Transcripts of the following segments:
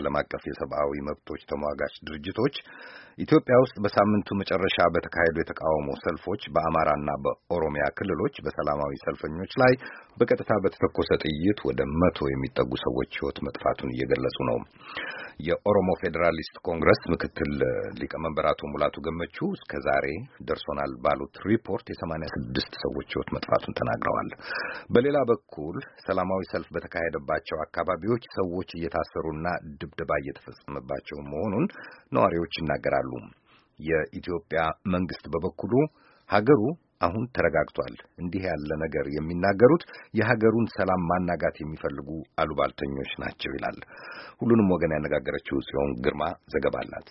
ዓለም አቀፍ የሰብአዊ መብቶች ተሟጋች ድርጅቶች ኢትዮጵያ ውስጥ በሳምንቱ መጨረሻ በተካሄዱ የተቃውሞ ሰልፎች በአማራና በኦሮሚያ ክልሎች በሰላማዊ ሰልፈኞች ላይ በቀጥታ በተተኮሰ ጥይት ወደ መቶ የሚጠጉ ሰዎች ሕይወት መጥፋቱን እየገለጹ ነው። የኦሮሞ ፌዴራሊስት ኮንግረስ ምክትል ሊቀመንበር አቶ ሙላቱ ገመቹ እስከ ዛሬ ደርሶናል ባሉት ሪፖርት የሰማንያ ስድስት ሰዎች ሕይወት መጥፋቱን ተናግረዋል። በሌላ በኩል ሰላማዊ ሰልፍ በተካሄደባቸው አካባቢዎች ሰዎች እየታሰሩና ድብደባ እየተፈጸመባቸው መሆኑን ነዋሪዎች ይናገራሉ። የኢትዮጵያ መንግስት በበኩሉ ሀገሩ አሁን ተረጋግቷል፣ እንዲህ ያለ ነገር የሚናገሩት የሀገሩን ሰላም ማናጋት የሚፈልጉ አሉባልተኞች ናቸው ይላል። ሁሉንም ወገን ያነጋገረችው ጽዮን ግርማ ዘገባ አላት።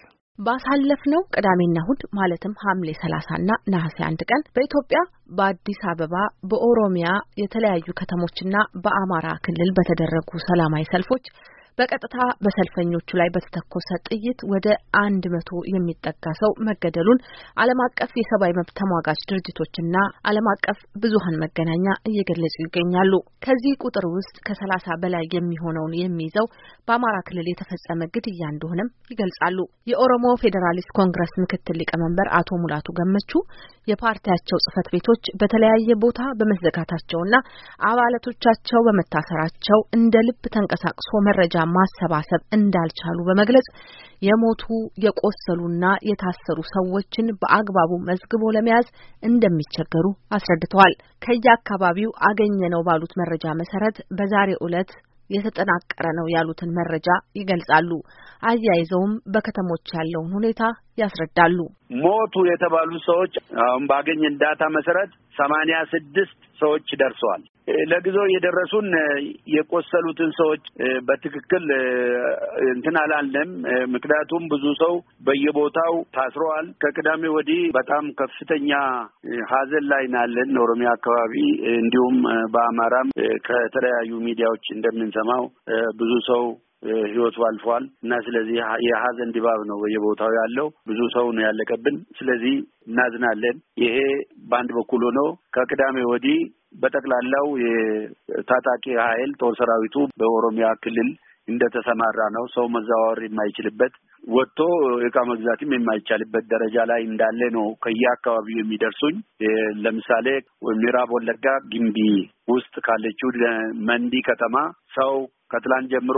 ባሳለፍነው ቅዳሜና እሁድ ማለትም ሐምሌ 30ና ነሐሴ አንድ ቀን በኢትዮጵያ በአዲስ አበባ በኦሮሚያ የተለያዩ ከተሞችና በአማራ ክልል በተደረጉ ሰላማዊ ሰልፎች በቀጥታ በሰልፈኞቹ ላይ በተተኮሰ ጥይት ወደ አንድ መቶ የሚጠጋ ሰው መገደሉን ዓለም አቀፍ የሰብአዊ መብት ተሟጋች ድርጅቶችና ዓለም አቀፍ ብዙሀን መገናኛ እየገለጹ ይገኛሉ። ከዚህ ቁጥር ውስጥ ከሰላሳ በላይ የሚሆነውን የሚይዘው በአማራ ክልል የተፈጸመ ግድያ እንደሆነም ይገልጻሉ። የኦሮሞ ፌዴራሊስት ኮንግረስ ምክትል ሊቀመንበር አቶ ሙላቱ ገመቹ የፓርቲያቸው ጽህፈት ቤቶች በተለያየ ቦታ በመዘጋታቸውና አባላቶቻቸው በመታሰራቸው እንደ ልብ ተንቀሳቅሶ መረጃ ማሰባሰብ እንዳልቻሉ በመግለጽ የሞቱ የቆሰሉና የታሰሩ ሰዎችን በአግባቡ መዝግቦ ለመያዝ እንደሚቸገሩ አስረድተዋል። ከየአካባቢው ነው ባሉት መረጃ መሰረት በዛሬ ዕለት የተጠናቀረ ነው ያሉትን መረጃ ይገልጻሉ። አያይዘውም በከተሞች ያለውን ሁኔታ ያስረዳሉ። ሞቱ የተባሉ ሰዎች አሁን ባገኝ እንዳታ መሰረት ሰማንያ ስድስት ሰዎች ደርሰዋል። ለጊዜው የደረሱን የቆሰሉትን ሰዎች በትክክል እንትን አላለም። ምክንያቱም ብዙ ሰው በየቦታው ታስረዋል። ከቅዳሜ ወዲህ በጣም ከፍተኛ ሀዘን ላይ ናለን ኦሮሚያ አካባቢ እንዲሁም በአማራም ከተለያዩ ሚዲያዎች እንደምንሰማው ብዙ ሰው ህይወቱ አልፏል። እና ስለዚህ የሀዘን ድባብ ነው በየቦታው ያለው። ብዙ ሰው ነው ያለቀብን። ስለዚህ እናዝናለን። ይሄ በአንድ በኩል ሆኖ ከቅዳሜ ወዲህ በጠቅላላው የታጣቂ ኃይል ጦር ሰራዊቱ በኦሮሚያ ክልል እንደተሰማራ ነው ሰው መዘዋወር የማይችልበት ወጥቶ እቃ መግዛትም የማይቻልበት ደረጃ ላይ እንዳለ ነው ከየአካባቢው የሚደርሱኝ። ለምሳሌ ምዕራብ ወለጋ ግንቢ ውስጥ ካለችው መንዲ ከተማ ሰው ከትላንት ጀምሮ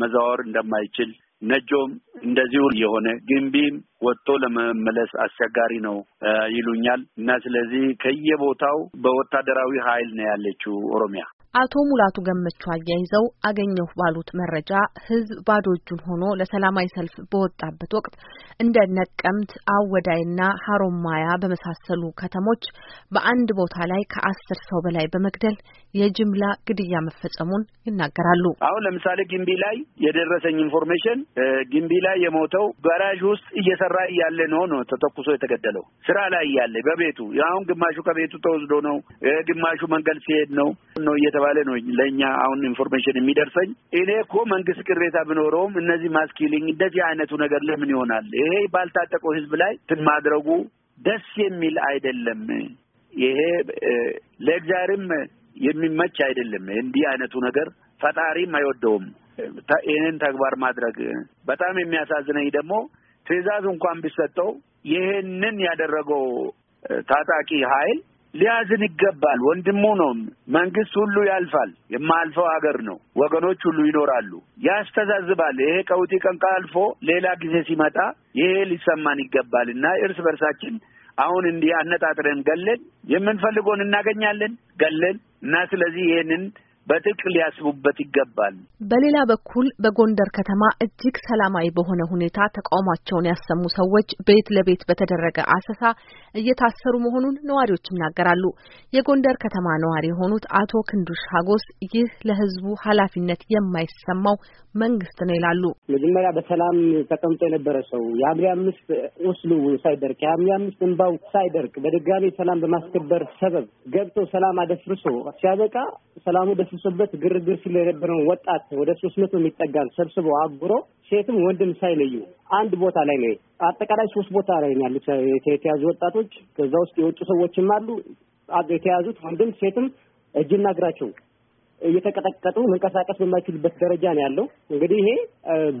መዘዋወር እንደማይችል ነጆም እንደዚሁ የሆነ ግንቢም ወጥቶ ለመመለስ አስቸጋሪ ነው ይሉኛል። እና ስለዚህ ከየቦታው በወታደራዊ ኃይል ነው ያለችው ኦሮሚያ። አቶ ሙላቱ ገመቹ አያይዘው አገኘሁ ባሉት መረጃ ህዝብ ባዶ እጁን ሆኖ ለሰላማዊ ሰልፍ በወጣበት ወቅት እንደ ነቀምት፣ አወዳይና ሀሮማያ በመሳሰሉ ከተሞች በአንድ ቦታ ላይ ከአስር ሰው በላይ በመግደል የጅምላ ግድያ መፈጸሙን ይናገራሉ። አሁን ለምሳሌ ግንቢ ላይ የደረሰኝ ኢንፎርሜሽን ግንቢ ላይ የሞተው ጋራዥ ውስጥ እየሰራ እያለ ነው ነው ተተኩሶ የተገደለው ስራ ላይ እያለ በቤቱ አሁን ግማሹ ከቤቱ ተወስዶ ነው፣ ግማሹ መንገድ ሲሄድ ነው ነው እየተባለ ነው ለእኛ አሁን ኢንፎርሜሽን የሚደርሰኝ። እኔ እኮ መንግስት ቅሬታ ብኖረውም እነዚህ ማስኪሊንግ እንደዚህ አይነቱ ነገር ለምን ይሆናል? ይሄ ባልታጠቀው ህዝብ ላይ ትን ማድረጉ ደስ የሚል አይደለም። ይሄ ለእግዚአብሔርም የሚመች አይደለም። እንዲህ አይነቱ ነገር ፈጣሪም አይወደውም። ይህንን ተግባር ማድረግ በጣም የሚያሳዝነኝ ደግሞ ትዕዛዝ እንኳን ቢሰጠው ይህንን ያደረገው ታጣቂ ኃይል ሊያዝን ይገባል። ወንድሙ ነው። መንግስት ሁሉ ያልፋል። የማያልፈው ሀገር ነው። ወገኖች ሁሉ ይኖራሉ። ያስተዛዝባል። ይሄ ቀውጢ ቀን አልፎ ሌላ ጊዜ ሲመጣ ይሄ ሊሰማን ይገባል እና እርስ በርሳችን አሁን እንዲህ አነጣጥረን ገለን የምንፈልገውን እናገኛለን ገለን እና ስለዚህ ይህንን በጥቅ ሊያስቡበት ይገባል። በሌላ በኩል በጎንደር ከተማ እጅግ ሰላማዊ በሆነ ሁኔታ ተቃውሟቸውን ያሰሙ ሰዎች ቤት ለቤት በተደረገ አሰሳ እየታሰሩ መሆኑን ነዋሪዎች ይናገራሉ። የጎንደር ከተማ ነዋሪ የሆኑት አቶ ክንዱሽ ሀጎስ ይህ ለሕዝቡ ኃላፊነት የማይሰማው መንግስት ነው ይላሉ። መጀመሪያ በሰላም ተቀምጦ የነበረ ሰው የሐምሌ አምስት ቁስሉ ሳይደርቅ የሐምሌ አምስት እንባው ሳይደርቅ በድጋሚ ሰላም በማስከበር ሰበብ ገብቶ ሰላም አደፍርሶ ሲያበቃ ሰላሙ ደስ በተሰበሰቡበት ግርግር ሲል የነበረውን ወጣት ወደ ሶስት መቶ የሚጠጋን ሰብስቦ አጉሮ ሴትም ወንድም ሳይለዩ አንድ ቦታ ላይ ነው። አጠቃላይ ሶስት ቦታ ላይ ያሉት የተያዙ ወጣቶች፣ ከዛ ውስጥ የወጡ ሰዎችም አሉ። የተያዙት ወንድም ሴትም እጅና እግራቸው እየተቀጠቀጡ መንቀሳቀስ በማይችሉበት ደረጃ ነው ያለው። እንግዲህ ይሄ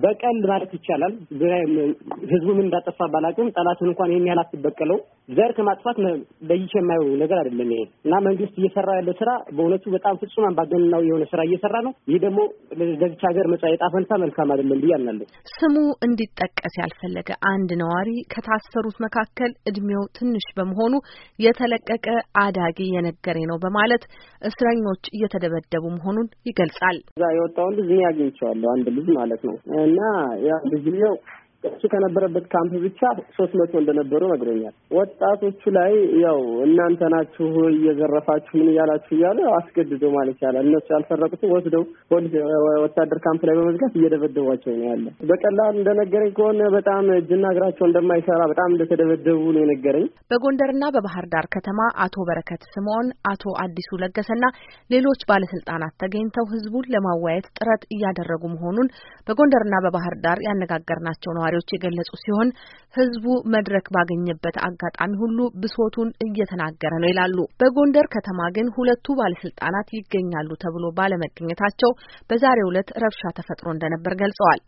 በቀል ማለት ይቻላል። ህዝቡ ምን እንዳጠፋ ባላቅም ጠላቱን እንኳን ይህን ያህል አትበቀለው። ዘር ከማጥፋት ለይቼ የማየው ነገር አይደለም ይሄ እና መንግስት እየሰራ ያለው ስራ በእውነቱ በጣም ፍጹም አምባገነናዊ የሆነ ስራ እየሰራ ነው። ይህ ደግሞ ለዚች ሀገር መጻኢ ዕጣ መልካም አይደለም ብዬ አምናለሁ። ስሙ እንዲጠቀስ ያልፈለገ አንድ ነዋሪ ከታሰሩት መካከል እድሜው ትንሽ በመሆኑ የተለቀቀ አዳጊ የነገሬ ነው በማለት እስረኞች እየተደበደቡ መሆኑን ይገልጻል። እዛ የወጣውን ልጅ እኔ አግኝቼዋለሁ። አንድ ልጅ ማለት ነው እና ያ ልጅየው እሱ ከነበረበት ካምፕ ብቻ ሶስት መቶ እንደነበሩ ነግሮኛል። ወጣቶቹ ላይ ያው እናንተ ናችሁ እየዘረፋችሁ ምን እያላችሁ እያሉ አስገድዶ ማለት ይቻላል እነሱ ያልሰረቁትን ወስደው ፖሊስ ወታደር ካምፕ ላይ በመዝጋት እየደበደቧቸው ነው ያለ። በቀላል እንደነገረኝ ከሆነ በጣም እጅና እግራቸው እንደማይሰራ በጣም እንደተደበደቡ ነው የነገረኝ። በጎንደርና በባህር ዳር ከተማ አቶ በረከት ስምዖን፣ አቶ አዲሱ ለገሰና ሌሎች ባለስልጣናት ተገኝተው ህዝቡን ለማዋየት ጥረት እያደረጉ መሆኑን በጎንደርና በባህር ዳር ያነጋገርናቸው ነዋል። ነዋሪዎች የገለጹ ሲሆን ህዝቡ መድረክ ባገኘበት አጋጣሚ ሁሉ ብሶቱን እየተናገረ ነው ይላሉ። በጎንደር ከተማ ግን ሁለቱ ባለስልጣናት ይገኛሉ ተብሎ ባለመገኘታቸው በዛሬው ዕለት ረብሻ ተፈጥሮ እንደነበር ገልጸዋል።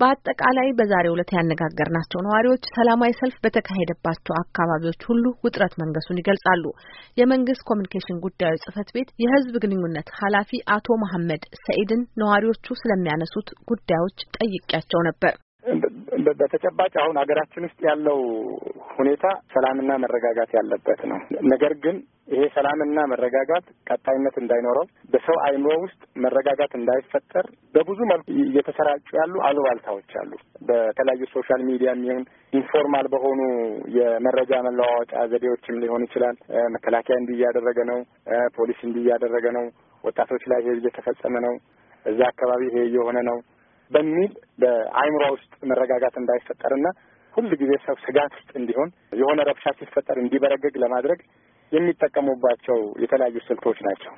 በአጠቃላይ በዛሬው ዕለት ያነጋገርናቸው ነዋሪዎች ሰላማዊ ሰልፍ በተካሄደባቸው አካባቢዎች ሁሉ ውጥረት መንገሱን ይገልጻሉ። የመንግስት ኮሚኒኬሽን ጉዳዮች ጽህፈት ቤት የህዝብ ግንኙነት ኃላፊ አቶ መሐመድ ሰኢድን ነዋሪዎቹ ስለሚያነሱት ጉዳዮች ጠይቄያቸው ነበር። በተጨባጭ አሁን ሀገራችን ውስጥ ያለው ሁኔታ ሰላምና መረጋጋት ያለበት ነው። ነገር ግን ይሄ ሰላምና መረጋጋት ቀጣይነት እንዳይኖረው በሰው አይምሮ ውስጥ መረጋጋት እንዳይፈጠር በብዙ መልኩ እየተሰራጩ ያሉ አሉባልታዎች አሉ። በተለያዩ ሶሻል ሚዲያ የሚሆን ኢንፎርማል በሆኑ የመረጃ መለዋወጫ ዘዴዎችም ሊሆን ይችላል። መከላከያ እንዲህ እያደረገ ነው፣ ፖሊስ እንዲህ እያደረገ ነው፣ ወጣቶች ላይ ይሄ እየተፈጸመ ነው፣ እዛ አካባቢ ይሄ እየሆነ ነው በሚል በአይምሮ ውስጥ መረጋጋት እንዳይፈጠርና ሁል ጊዜ ሰው ስጋት ውስጥ እንዲሆን የሆነ ረብሻ ሲፈጠር እንዲበረግግ ለማድረግ የሚጠቀሙባቸው የተለያዩ ስልቶች ናቸው።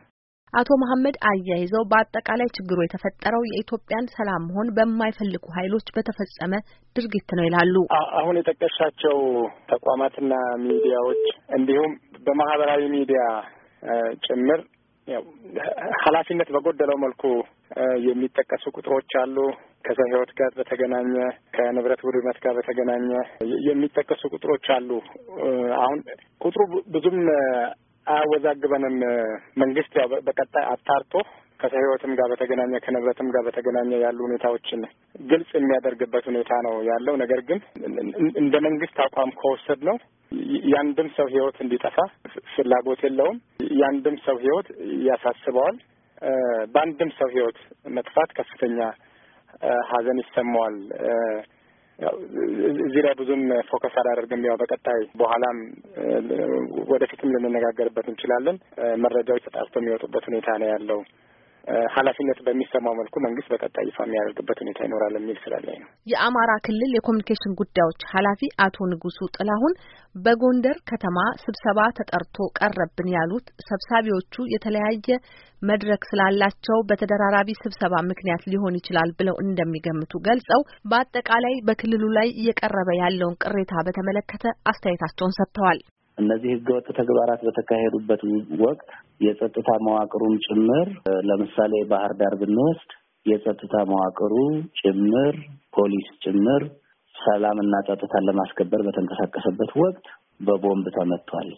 አቶ መሐመድ አያይዘው በአጠቃላይ ችግሩ የተፈጠረው የኢትዮጵያን ሰላም መሆን በማይፈልጉ ኃይሎች በተፈጸመ ድርጊት ነው ይላሉ። አሁን የጠቀሻቸው ተቋማትና ሚዲያዎች እንዲሁም በማህበራዊ ሚዲያ ጭምር ያው ኃላፊነት በጎደለው መልኩ የሚጠቀሱ ቁጥሮች አሉ። ከሰው ሕይወት ጋር በተገናኘ ከንብረት ውድመት ጋር በተገናኘ የሚጠቀሱ ቁጥሮች አሉ። አሁን ቁጥሩ ብዙም አያወዛግበንም። መንግስት ያው በቀጣይ አጣርቶ ከሰው ሕይወትም ጋር በተገናኘ ከንብረትም ጋር በተገናኘ ያሉ ሁኔታዎችን ግልጽ የሚያደርግበት ሁኔታ ነው ያለው። ነገር ግን እንደ መንግስት አቋም ከወሰድ ነው ያንድም ሰው ሕይወት እንዲጠፋ ፍላጎት የለውም። ያንድም ሰው ሕይወት ያሳስበዋል። በአንድም ሰው ህይወት መጥፋት ከፍተኛ ሀዘን ይሰማዋል። እዚህ ላይ ብዙም ፎከስ አላደርግም። ያው በቀጣይ በኋላም ወደፊትም ልንነጋገርበት እንችላለን። መረጃዎች ተጣርቶ የሚወጡበት ሁኔታ ነው ያለው። ኃላፊነት በሚሰማው መልኩ መንግስት በቀጣይ ይፋ የሚያደርግበት ሁኔታ ይኖራል የሚል ስላለኝ ነው። የአማራ ክልል የኮሚኒኬሽን ጉዳዮች ኃላፊ አቶ ንጉሱ ጥላሁን በጎንደር ከተማ ስብሰባ ተጠርቶ ቀረብን ያሉት ሰብሳቢዎቹ የተለያየ መድረክ ስላላቸው በተደራራቢ ስብሰባ ምክንያት ሊሆን ይችላል ብለው እንደሚገምቱ ገልጸው በአጠቃላይ በክልሉ ላይ እየቀረበ ያለውን ቅሬታ በተመለከተ አስተያየታቸውን ሰጥተዋል። እነዚህ ህገወጥ ተግባራት በተካሄዱበት ወቅት የጸጥታ መዋቅሩን ጭምር ለምሳሌ ባህር ዳር ብንወስድ የጸጥታ መዋቅሩ ጭምር ፖሊስ ጭምር ሰላምና ጸጥታን ለማስከበር በተንቀሳቀሰበት ወቅት በቦምብ ተመቷል፣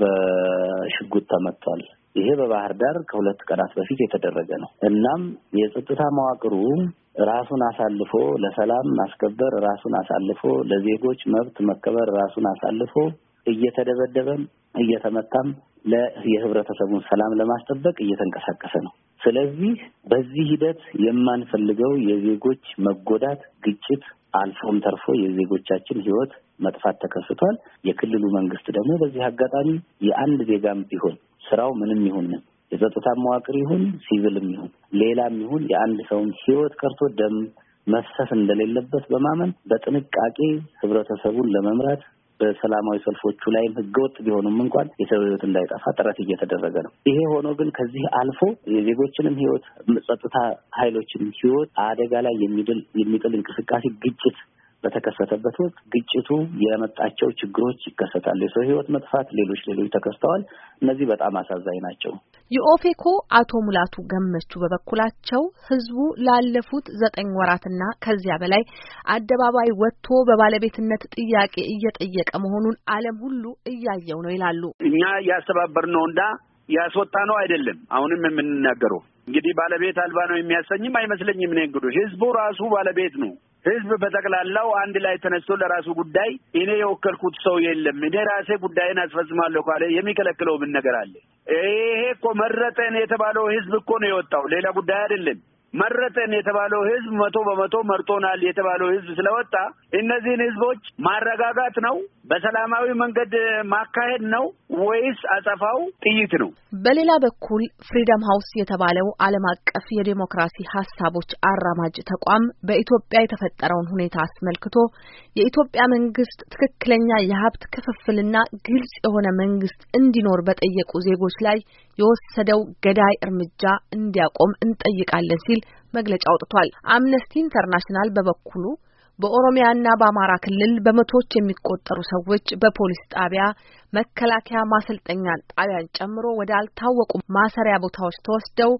በሽጉጥ ተመቷል። ይሄ በባህር ዳር ከሁለት ቀናት በፊት የተደረገ ነው። እናም የጸጥታ መዋቅሩ ራሱን አሳልፎ ለሰላም ማስከበር ራሱን አሳልፎ ለዜጎች መብት መከበር ራሱን አሳልፎ እየተደበደበም እየተመታም የህብረተሰቡን ሰላም ለማስጠበቅ እየተንቀሳቀሰ ነው። ስለዚህ በዚህ ሂደት የማንፈልገው የዜጎች መጎዳት፣ ግጭት አልፎም ተርፎ የዜጎቻችን ህይወት መጥፋት ተከስቷል። የክልሉ መንግስት ደግሞ በዚህ አጋጣሚ የአንድ ዜጋም ቢሆን ስራው ምንም ይሁን ምን የጸጥታ መዋቅር ይሁን ሲቪልም ይሁን ሌላም ይሁን የአንድ ሰውም ህይወት ቀርቶ ደም መፍሰስ እንደሌለበት በማመን በጥንቃቄ ህብረተሰቡን ለመምራት በሰላማዊ ሰልፎቹ ላይም ህገወጥ ቢሆኑም እንኳን የሰው ህይወት እንዳይጠፋ ጥረት እየተደረገ ነው። ይሄ ሆኖ ግን ከዚህ አልፎ የዜጎችንም ህይወት፣ ጸጥታ ኃይሎችንም ህይወት አደጋ ላይ የሚጥል እንቅስቃሴ ግጭት በተከሰተበት ወቅት ግጭቱ የመጣቸው ችግሮች ይከሰታል። የሰው ህይወት መጥፋት፣ ሌሎች ሌሎች ተከስተዋል። እነዚህ በጣም አሳዛኝ ናቸው። የኦፌኮ አቶ ሙላቱ ገመቹ በበኩላቸው ህዝቡ ላለፉት ዘጠኝ ወራትና ከዚያ በላይ አደባባይ ወጥቶ በባለቤትነት ጥያቄ እየጠየቀ መሆኑን ዓለም ሁሉ እያየው ነው ይላሉ። እኛ ነው እንዳ ያስወጣ ነው አይደለም። አሁንም የምንናገረው እንግዲህ ባለቤት አልባ ነው የሚያሰኝም አይመስለኝም። እኔ እንግዲህ ህዝቡ ራሱ ባለቤት ነው ህዝብ በጠቅላላው አንድ ላይ ተነስቶ ለራሱ ጉዳይ እኔ የወከልኩት ሰው የለም፣ እኔ ራሴ ጉዳይን አስፈጽማለሁ ካለ የሚከለክለው ምን ነገር አለ? ይሄ እኮ መረጠን የተባለው ህዝብ እኮ ነው የወጣው፣ ሌላ ጉዳይ አይደለም። መረጠን የተባለው ህዝብ መቶ በመቶ መርጦናል የተባለው ህዝብ ስለወጣ እነዚህን ህዝቦች ማረጋጋት ነው በሰላማዊ መንገድ ማካሄድ ነው ወይስ አጸፋው ጥይት ነው? በሌላ በኩል ፍሪደም ሀውስ የተባለው ዓለም አቀፍ የዴሞክራሲ ሀሳቦች አራማጅ ተቋም በኢትዮጵያ የተፈጠረውን ሁኔታ አስመልክቶ የኢትዮጵያ መንግስት ትክክለኛ የሀብት ክፍፍልና ግልጽ የሆነ መንግስት እንዲኖር በጠየቁ ዜጎች ላይ የወሰደው ገዳይ እርምጃ እንዲያቆም እንጠይቃለን ሲል መግለጫ አውጥቷል። አምነስቲ ኢንተርናሽናል በበኩሉ በኦሮሚያና በአማራ ክልል በመቶዎች የሚቆጠሩ ሰዎች በፖሊስ ጣቢያ፣ መከላከያ ማሰልጠኛ ጣቢያን ጨምሮ ወደ አልታወቁ ማሰሪያ ቦታዎች ተወስደው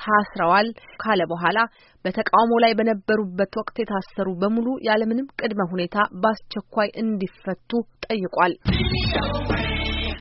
ታስረዋል ካለ በኋላ በተቃውሞ ላይ በነበሩበት ወቅት የታሰሩ በሙሉ ያለምንም ቅድመ ሁኔታ በአስቸኳይ እንዲፈቱ ጠይቋል።